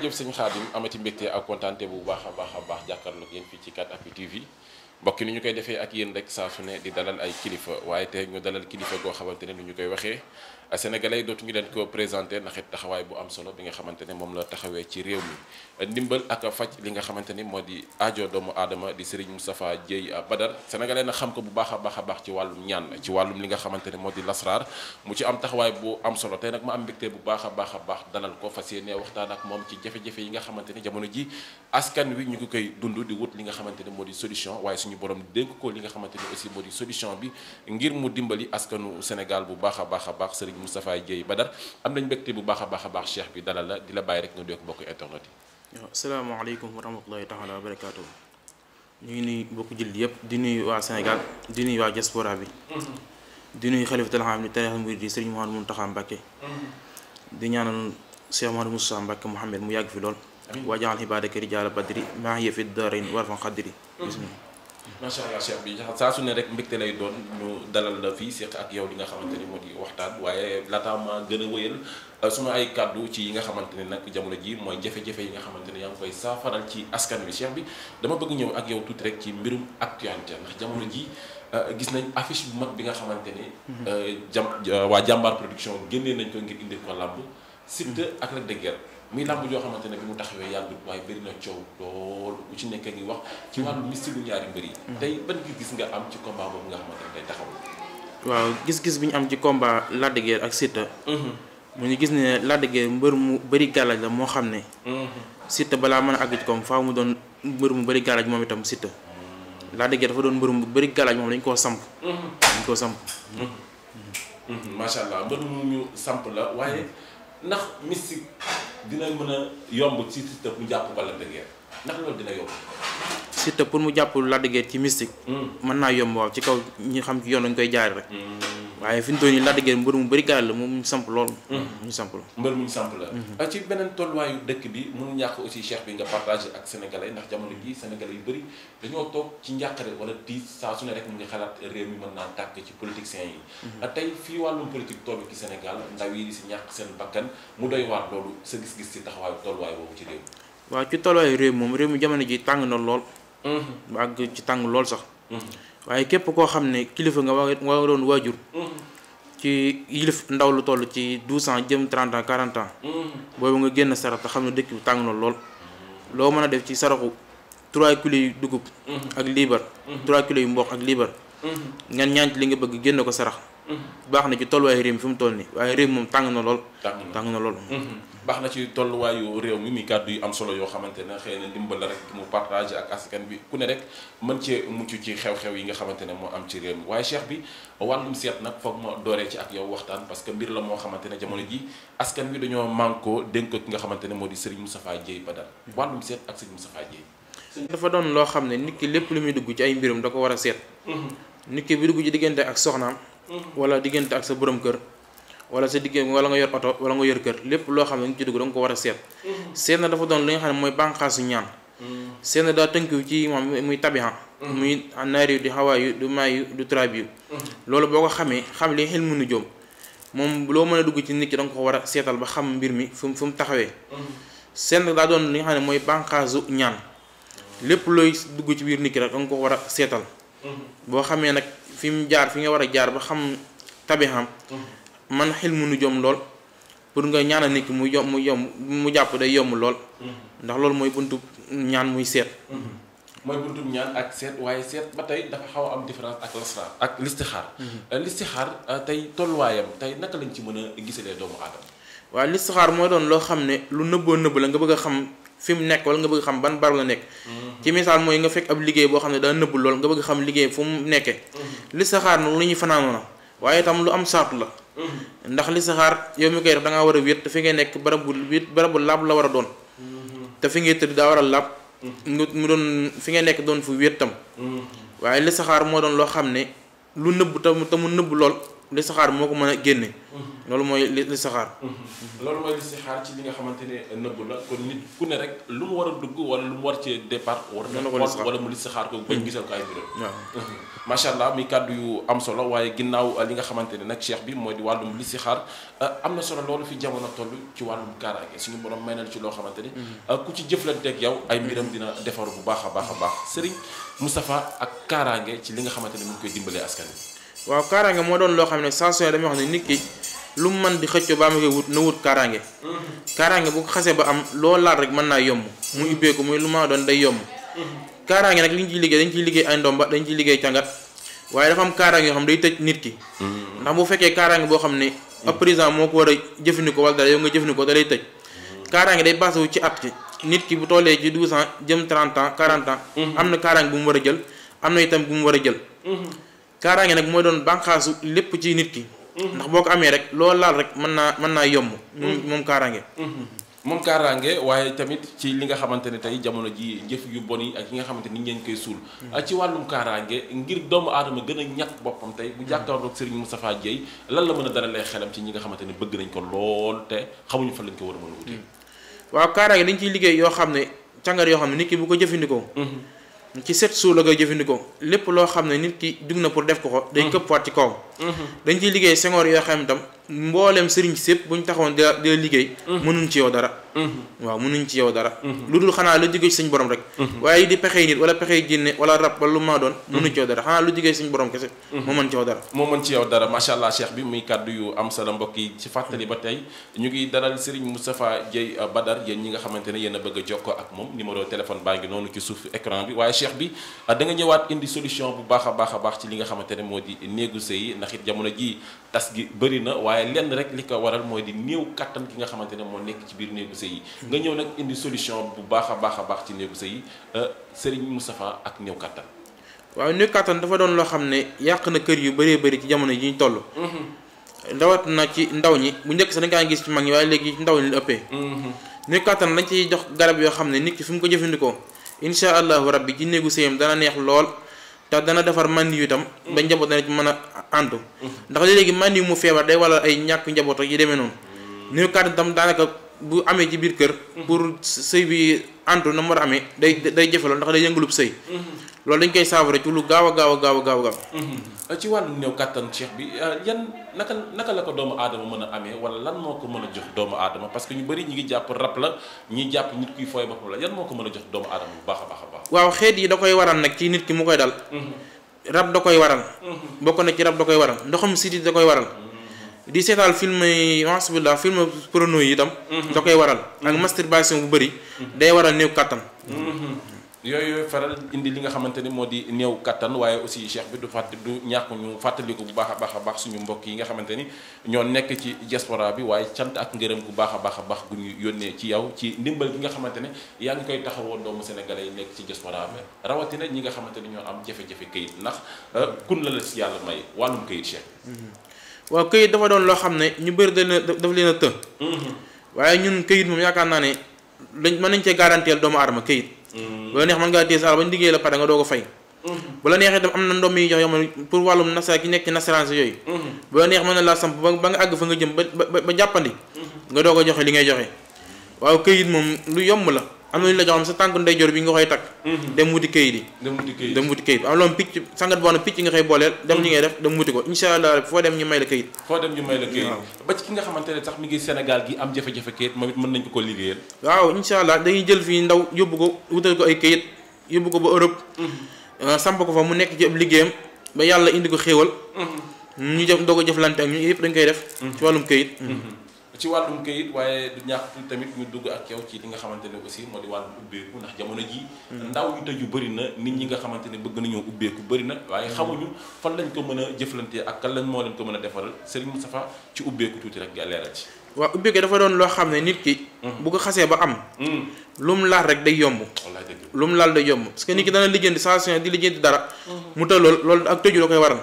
jërëjëf sëñ Xaadim amati mbégte ak kontaante bu baax a baax a baax jàkkaarloo ak yéen fii ci 4appuis TV mbokk ni ñu koy defee ak yéen rek saa su ne di dalal ay kilifa waaye te ñu dalal kilifa goo xamante ne nu ñu koy waxee sénégalais yi dootuñu leen ko présenté ndax it taxawaay bu am solo bi nga xamante ne moom la taxawee ci réew mi ndimbal ak faj li nga xamante ni moo di aajo doomu aadama di Serigne Moustapha Dieye Badar sénégalais na xam ko bu baax a baax a baax ci wàllum ñaan ci wàllum li nga xamante ne moo di lasraar mu ci am taxawaay bu am solo tey nag ma am mbégte bu baax a baax a baax ko fas yéene waxtaan ak moom ci jafe yi nga xamante ni jamono ji askan wi ñu ngi koy dund di wut li nga xamante ni moo di solution waaye suñu borom dénk ko li nga xamante ni aussi moo di solution bi ngir mu dimbali askanu Sénégal bu baax a baax a baax Serigne Moustapha Dieye Badar am nañ mbégte bu baax a baax a baax cheikh bi dalal la di la bàyyi rek nga doog mbokk internet yi waaw salaamaaleykum wa rahmatulahi taala wa barakaatu ñu ngi nuyu mbokk jël yëpp di nuyu waa Sénégal di nuyu waa diaspora bi di nuyu xalifatul aam ni tarixa murid yi Serigne Mouhamadou Mountakha Mbacké di ñaanal Cheikh Mouhamadou Moustapha Mbacké Mouhamed mu yàgg fi lool waajal xibaadaka rijaala badri maa hiya fi daarin warfan xadri bismillah macha allah bi saa su ne rek mbégte lay doon ñu dalal la fi seq ak yow li nga xamante ni moo di waxtaan waaye laataa ma gën a wéyal euh, sunu ay kàddu ci yi nga xamante ne nag jamono ji mooy jafe yi nga xamante ne yaa koy saafaral ci askan wi cheikh bi dama bëgg ñëw ak yow tuuti rek ci mbirum actualité ndax jamono ji euh, gis nañ affiche bu mag bi nga xamante ne. Mhm. Euh, jam waa jàmbaar production génnee nañ ko ngir indi ko làmb. Siteu ak Lac de muy làmb joo xamante ne bi mu taxawee yàggul waaye bëri na coow lool ku ci nekk ngi wax ci wàllu mystique bu ñaari mbër yi. Mm-hmm. tey ban gis nga am ci combat boobu nga xamante ne day taxawul. waaw gis-gis bi ñu am ci combat Lac de Guiers ak Siteu. Mm-hmm. mu ñu gis ne Lac de mbër mu bëri gàllaaj la moo xam ne. Mm-hmm. Siteu balaa mën a àgg ci koom faaw mu doon mbër mu bëri gàllaaj moom itam Siteu. Lac de Guiers dafa doon mbër mu bëri gàllaaj moom dañu koo samp. dañu koo samp. macha allah mbër mu ñu samp ndax mystique dina mën a yomb ci Siteu mu jàpp ko Lac ndax loolu dina yomb. Siteu pour mu jàpp Lac de Guiers ci mystique. Hmm. mën naa yomb waaw ci kaw ñi xam ci yoon dañu koy jaar rek. Hmm. waaye fi ñu doon nii Lac de Guiers mbër mu bëri gaal la moom ñu samp lool. ñu hmm. samp la mbër mu ñu samp la. ci beneen tolluwaayu dëkk bi mënu ñàkk aussi cheikh bi nga partagé ak sénégalais ndax jamono jii sénégalais yu bëri dañoo toog ci njàqare wala tiis saa su ne rek mu ngi xalaat réew mi mën naa tàkk ci politiciens yi. Hmm. Ah, tey fii wàllum politique toll ci Sénégal ndaw yi di si ñàkk seen bakkan mu doy waar loolu sa gis-gis ci taxawaayu tolluwaay boobu ci réew. waaw ci tolluwaayu réew moom réew mi jamono ji tàng na lool. Hmm. àgg ci tàng lool sax waaye képp koo xam ne kilifa nga waroon waajur ci yilif ndaw lu toll ci douze ans jëm trente ans quarante ans boobu nga génn sarata xam ne dëkk bi tàng na lool loo mën a def ci saraxu trois kilos yu dugub ak liibar mhm. trois kilos yu mboq ak liibar mhm. ñaan ñaan li nga bëgg génn ko sarax baax na ci tolluwaayu réew mi fi mu toll nii waaye réew moom tàng na lool. tàng na lool mhm. baax na ci tolluwaayu réew mi muy kàddu yu am solo yoo xamante ne ndimbal la rek mu partagé ak askan bi ku ne rek mën cee mucc ci xew-xew yi nga xamante ne moo am ci réew mi waaye cheikh bi wàllum seet nag foog ma dooree ci ak yow waxtaan parce que mbir la moo xamante ne jamono ji askan bi dañoo mànkoo dénk ki nga xamante ne moo di Serigne Moustapha Dieye Badar wàllum seet ak Serigne Moustapha Dieye dafa doon loo xam ne nit ki lépp lu muy dugg a bi mhm. dugg ci diggante ak wala diggante ak sa borom kër wala sa diggante wala nga yor oto wala nga yor kër lépp loo xam nga da nga ko war a seet mm-hmm. seet na dafa doon li nga xam ne mooy bànqaasu ñaan mm-hmm. seet na daa tënkiw ci moom muy tabiha mm-hmm. muy naar yu di xawaa yu du maay yu du traab yu loolu boo ko xamee xam li xel mënu joom moom loo mën a da nga ko a seetal ba xam mbir mi fu mu fu mu taxawee seet na daa lépp looy dugg ci biir nit ki rek da ko war a seetal boo xamee nag fi mu jaar fi nga war a jaar ba xam tabixam man xel mu nu jom lool pour nga ñaanal nit ki mu mu yomb mu jàpp day yomb lool ndax loolu mooy buntu ñaan muy seet mooy buntum ñaan ak seet waaye seet ba tey dafa xaw a am différence ak lasraar ak listixaar mhm. euh, listixaar euh, tey tolluwaayam tey naka lañ ci mën a gisalee doomu aadama waaw listixaar mooy doon loo xam ne lu nëbboo nëbb la nga bëgg a xam fi mu nekk wala nga bëgg xam ban barab la nekk mm-hmm. ci misaal mooy nga fekk ab liggéey boo xam ne daa nëbb lool nga bëgg xam liggéey fu mu nekkee li saxaar nag lu ñuy fanaanoo na waaye itam lu am saatu la mm-hmm. ndax li saxaar yow mi koy def da ngaa war a wéet te ngay nekk barab bu wéet barab laab la war a doon mm-hmm. te fi ngay tëdd daa war a laab mu doon fi nga nekk doon fu wéet tam waaye li saxaar moo doon loo xam ne lu nëbb tam te mu nëbb lool li saxaar moo ko mën a génne. Mhm. loolu mooy li li saxaar. Mhm. loolu mooy li saxaar ci li nga xamante ne nëbbu la kon nit ku ne rek lu mu war a dugg wala lu mu war cee départ. war na ko wala mu li saxaar ko bañ mhm. gisal ko ay bureau. waaw macha allah mi kàddu yu am solo waaye ginnaaw euh, li nga xamante ne nag cheikh bi mooy di wàllum li saxaar euh, am na solo loolu fi jamono toll ci wàllum kaaraange suñu borom may nañu ci loo xamante ni. Euh, ku ci jëf jëflanteeg yow ay mbiram dina defaru bu baax a baax a baax Serigne Moustapha ak kaaraange ci li nga xamante ne mu koy dimbalee askan wi waaw kaaraange moo doon loo xam ne saa su ne damay wax nit ki lu mu mën di xëccoo ba ma koy wut na wut kaaraange mm-hmm. kaaraange bu ko ba am loo laal rek mën naa yomb muy ubbeeku muy lu ma doon day yomb mm-hmm. kaaraange nag li ñu ciy liggéey dañ ciy liggéey ay ndomba dañ ciy liggéey cangat waaye dafa am kaaraange yoo xam day tëj nit ki mm-hmm. ndax bu fekkee kaaraange boo xam ne ab président moo ko war a jëfandikoo wala dara yow nga jëfandikoo da lay tëj kaaraange day passé wu ci at ci nit ki bu tollee ci douze ans jëm trente ans quarante ans am na kaaraange bu mu war a jël am na itam bu mu war a jël kaaraange nag mooy doon bànqaasu lépp ci nit ki. Mhm. ndax boo ko amee rek loolu laal rek mën naa mën naa yomb. moom mhm. moom kaaraange. Mhm. moom kaaraange waaye tamit ci li nga xamante ne tey jamono ji jëf yu bon yi ak yi nga xamante ni ngeen koy suul ah, ci wàllum kaaraange ngir doomu aadama gën a boppam tey bu jàkkaarloog Serigne Moustapha Dieye lan la mën a dalalee xelam ci ñi nga xamante ne bëgg nañ ko lool te xamuñu fa lañ ko war a mën a wutee waaw kaaraange dañ ciy liggéey yoo xam ne càngar yoo xam ne nit ki bu ko jëfandikoo ci set suuf la koy jëfandikoo lépp loo xam ne nit ki dugg na pour def ko ko. dañ mm. këpp waat ci kawam. Mm-hmm. dañ liggéey sengoor yoo xam tam mboolem sëriñ sépp bu ñu taxoon di di liggéey. Mhm. mënuñ ci yow dara. Mhm. waaw mënuñ ci yow dara. Mhm. lu dul xanaa lu jógee ci suñ borom rek. waaye di pexey nit wala pexey jinne wala rab wala lu maa doon. mënuñ ci yow dara xanaa lu jógee suñ borom kese. moo mën ci yow dara. moo mën ci yow dara macha allah cheikh bi muy kàddu yu am solo mbokk yi ci fàttali ba tey ñu ngi dalal sëriñ Moustapha Dieye Badar yéen ñi nga xamante ne yéen a bëgg a jokkoo ak moom numéro téléphone baa ngi noonu ci suuf écran bi waaye cheikh bi ah, da nga ñëwaat indi bu baax baax baax ci li nga xamante ne moo di néegu sëy yi ndax it ji waaye lenn rek li ko waral mooy di néew kattan ki nga néegu sëy yi nga ñëw nag indi solution bu baax a baax a baax ci néegu sëy yi euh, Serigne Moustapha ak néew kattan. waaw néew kattan dafa doon ne yàq na kër yu bëree bëri ci jamono ji ñu toll. ndawat mhm. na ci ndaw ñi bu njëkk sax dañ kaa mag ñi waaye léegi ndaw ñi la ëppee. Mhm. néew kattan dañ ciy jox garab yoo xam ne nit ki fu mu ko jëfandikoo incha allahu rabbi ci néegu sëyam dana neex lool te dana defar màndi ba mhm. njaboot dana ci mën a antu ndax léegi màndi yu mu feebar day wala ay ñàkk njaboot yi demee noonu mm. néew kàttan tam daanaka bu amee ci biir kër mm. pour sëy bi antu na mu war a amee day day jëfeloo ndax day yëngalub sëy mm. loolu dañ koy saafara ci lu gaaw a gaaw a a gaaw a ci wàllu néew kàttan cheikh bi euh, yan naka naka la ko doomu aadama mën a amee wala lan moo ko mën a jox doomu aadama parce que ñu bëri ñu ngi jàpp rab la ñi jàpp nit kuy fooy boppam la yan moo ko mën a jox doomu aadama bu baax a baax a baax waaw xeet yi da koy waral nag ci nit ki mu koy dal mm-hmm. rab da koy waral. Mhm. bokk na ci rab da koy waral ndoxam sidit da koy waral. Mhm. di seetaan film yi alhamdulilah film porno yi itam. Mhm. da koy waral ak masturbation bu bëri. day waral néew kàttan. yooyu faral indi li nga xamante ni moo di néew kattan waaye aussi cheikh bi du fàtt du ñàkk ñu fàttaliku bu baax a baax a baax suñu mbokk yi nga xamante ni ñoo nekk ci diaspora bi waaye cant ak ngërëm bu baax a baax a baax gu ñu yónnee ci yow ci ndimbal bi nga xamante ne yaa ngi koy taxawoon doomu sénégalais yi nekk ci diaspora bi rawatina ñi nga xamante ni ñoo am jafe-jafe këyit ndax euh, kun la la si yàlla may wàllum këyit cheikh mm-hmm. waaw këyit dafa doon loo xam ne ñu bëri dañ daf leen a mm-hmm. ñun këyit moom yaakaar naa ne lañ mën nañ cee garanteel doomu aadama këyit bu la neex mën ngaa téye sa alal bañ liggéey la pare nga doog a fay mm-hmm. bu la neexee itam am na ndoom yi jox yoo xam ne pour wàllum nasara ki nekk ci nasaraan si yooyu mm-hmm. bu la neex mën na laa samp ba ba nga àgg fa nga jëm ba ba jàppandi mm-hmm. nga doog a joxe li ngay joxe waaw këyit moom lu yomb la am na ñu la jox xam sa tànk ndeyjoor bi nga koy takk. Mhm. dem wuti këyit yi. dem wuti këyit dem am loolu picc sangat boo xam picc nga koy booleel. dem ñi ngay def dem wuti ko incha allah foo dem ñu may la këyit. foo dem ñu may la këyit ba ci ki nga xamante ne sax mi ngi Sénégal gi am jafe-jafe këyit moom it mën nañu ko liggéeyal. waaw incha allah dañuy jël fii ndaw yóbbu ko wutal ko ay këyit yóbbu ko ba Europe. Mhm. Ah, samp ko fa mu nekk ci ab liggéeyam ba yàlla indi ko xéewal. Mhm. ñu jëf doo ko jëflante ak ñu yëpp dañ koy def ci wàllum ci wàllum këyit waaye du tamit ñu dugg ak yow ci li nga xamante ne aussi moo di wàllum ubbeeku ndax jamono ji hmm. ndaw yu tëju bëri na nit ñi nga xamante ne bëgg nañoo ubbeeku bëri na waaye hmm. xamuñu fan lañ ko mën a jëflantee ak kan lañ moo leen ko mën a defaral Serigne Moustapha ci ubbeeku tuuti rek nga leeral ci waaw ubbeeku dafa doon loo xam ne nit ki hmm. bu ko xasee ba am lu mu laal rek day yomb lu mu laal day yomb parce que nit ki dana lijjanti sensation di lijjanti dara mu tëj loolu loolu ak tëju da koy waral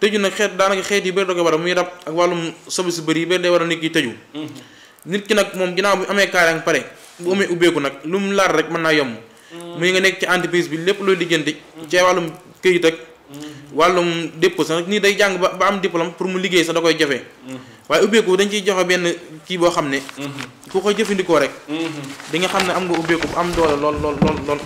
tëju nag xeet daanaka xeet yi bëri da koy a muy rab ak wàllum sobi su bëri yi bëri day waral nit ki tëju mm-hmm. nit ki nag moom ginnaaw bu amee kaarang pare bu amee ubbeeku nag lu mu laar rek mën naa yomb mm-hmm. muy nga nekk ci entreprise bi lépp looy liggéenti ci mm-hmm. wàllum këyit ak wàllum dépôt sax nii day jàng ba am diplôme pour mu liggéey sax da koy jafe waaye ubbeeku dañ ciy joxe benn kii boo xam ne ku ko jëfandikoo rek di nga xam ne am nga ubbeeku am doole lool lool lool lool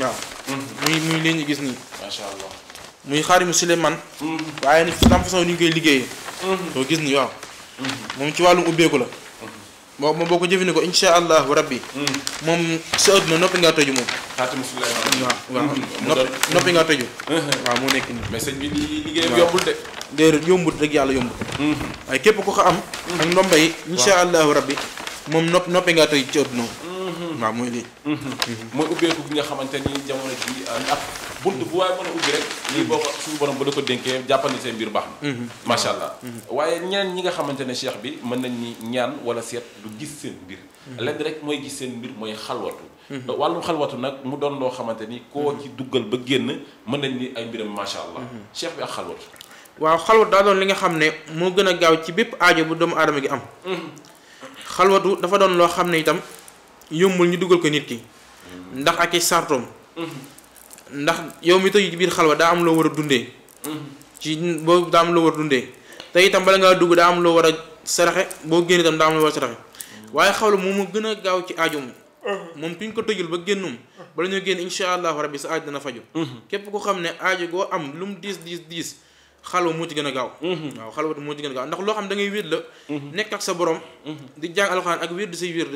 waaw muy gis nii macha allah muy xaarimu Souleymane waaye ni tam façon ni koy liggéeyee mm-hmm. doo gis ni waaw mm-hmm. moom ci wàllum ubbeeku la mm-hmm. boo moom boo ko jëfandikoo insha allah rabbi moom sa adduna noppi ngaa tëju moom xaatimu Souleymane waaw waaw moo nekk nii mais yàlla yombut waaye képp ku ko am ak ndomba yi insha allah rabbi moom nopp noppi ngaa tëju ci adduna waaw mooy lii. Mm-hmm. mooy ubbeeku gi nga xamante ni jamono ji euh, ndax bunt bu waaye mën a ubbi rek. lii boo ko suñu borom bu la ko dénkee jàppandi seen mbir baax na. Mm-hmm. Mm-hmm. macha allah waaye ñeneen ñi nga xamante ne cheikh bi mën nañ ñaan wala seet du gis seen mbir. lenn rek mooy gis seen mbir mooy xalwatu. wàllum xalwatu nag mu doon loo xamante ni koo ci duggal ba génn mën nañ ni ay mbiram macha allah. cheikh bi ak xalwatu. waaw xalwat daa doon li nga xam ne moo gën a gaaw ci bépp aajo bu doomu aadama gi am. xalwatu dafa doon loo xam ne itam yombul ñu dugal ko nit ki mm-hmm. ndax ak i sartoom mm-hmm. ndax yow mi tëju ci biir xalwa daa am loo war a dundee mm-hmm. ci boobu daa am loo war te itam bala ngaa dugg daa am loo war a saraxe boo génn itam daa am loo war a saraxe waaye xawla moom mu gën a gaaw ci aajum moom kuñ ko tëjul ba génnum bala ñoo génn incha allahu rabbi sa aaj dana faju képp ko xam ne aaju goo am lu mu diis diis diis xalwa moo ci gën a gaaw mhm. waaw xalwatu moo ci gën a gaaw ndax loo xam da ngay wér la mhm. nekk ak sa borom mhm. di jàng alxuraan ak wér di say wér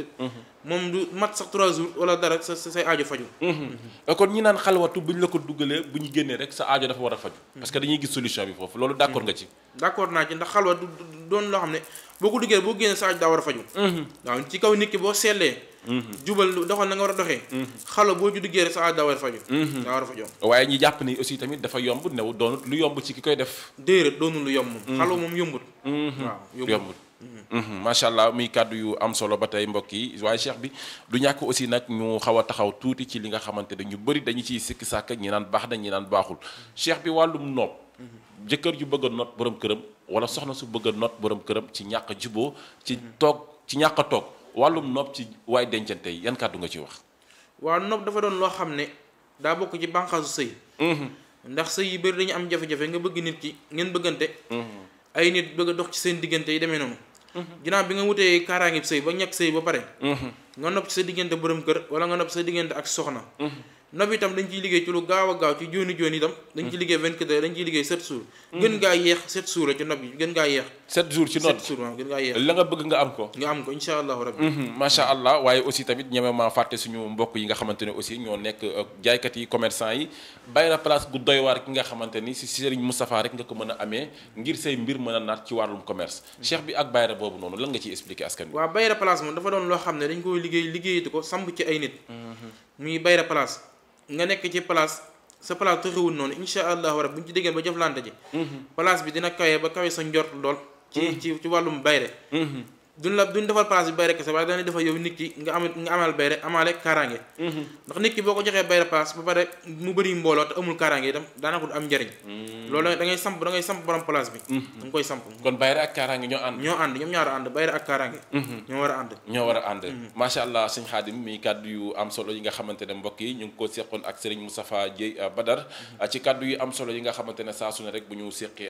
moom du mat sax trois jours wala dara sa say aajo faju euh, kon ñi naan xalwatu bu ñu la ko duggalee bu ñu génnee rek sa aajo dafa war a faju parce que dañuy gis solution bi foofu loolu d'accord nga ci d'accord naa ci ndax xalwatu doon loo xam ne boo ko duggee boo génnee sa aju daa war a faju mhm. waaw ci kaw nit ki boo seetlee mhm. jubal doxal na nga war a doxee mhm. xalo boo ju duggee sa aju daa war a faju waaye ñu jàpp ni aussi tamit dafa yomb new doonut lu yomb ci ki koy def déedéet doonul lu yomb xalo moom yombut waaw macha allah muy kàddu yu am solo ba tey mbokk yi waaye cheikh bi du ñàkk aussi nag ñu xaw a taxaw tuuti ci li nga xamante ne ñu bëri dañu ciy sikki sàkk ñi naan baax na ñi naan baaxul cheikh bi wàllum noob jëkkër ju bëgg a noot borom këram wala soxna su bëgg a noot borom këram ci ñàkk a juboo ci toog ci ñàkk a toog wàllum nopp ci waay dencante yi yan kàddu nga ci wax. waaw nopp ne daa bokk ci bànqaasu sëy. Mm-hmm. ndax sëy yu bëri dañu am jafe-jafe nga bëgg nit ki ngeen bëggante. Mm-hmm. ay nit bëgg a dox ci seen diggante yi demee noonu. Mm-hmm. ginnaaw bi nga wutee kaaraangeeb sëy ba ñàkk sëy ba pare. nga nopp ci sa diggante borom kër wala nga nopp sa diggante ak soxna. nob itam dañ ciy liggéey ci lu gaaw a gaaw ci jooni jooni itam dañ ci liggéey 24 heures dañ ciy liggéey 7 jours hmm. gën ngaa yeex 7 jours a ci nob yi gën ngaa yeex 7 jours ci nob 7 la nga bëgg nga am ko nga am ko insha allahu rabbi hmm, macha allah waaye aussi tamit ñemema fàtte suñu mbokk yi nga xamante ne aussi ñoo nekk euh, jaaykat yi commerçant yi bàyyi na place gu doy waar ki nga xamante ni si Serigne Moustapha rek nga ko mën a amee ngir say mbir mën a naat ci wàllum commerce hmm. cheikh ak bayra boobu noonu lan nga ciy expliquer askan bi waaw bayra xam ne dañ koy liggéey liggéeyatu ko samp ci ay nit muy bayra place nga nekk ci place sa place tëxiwul noonu insha allahu rabbi bu ñu ci ba jëflante ji mhm. place bi dina kawe ba kawe sa njort lool ci mhm. ci ci wàllum bayre mhm. duñ la duñ defal place bi bayre kese waaye dañuy defal yow nit ki nga am nga amal bayre amaale kaaraange. Mhm. ndax nit boo ko joxee bayre place ba pare mu bëri mbooloo te amul kaaraange itam daanaka du am njariñ. Mhm. loolu da samp da ngay samp bi. Mhm. da koy samp. kon bayre ak kaaraange ñoo ànd. ñoo ànd ñoom ñaar a ànd bayre ak kaaraange. ñoo war a ànd. ñoo war a ànd. macha allah sëñ Xaadim mi kaddu yu am solo yi nga xamante ne mbokk ñu ngi ko seqoon ak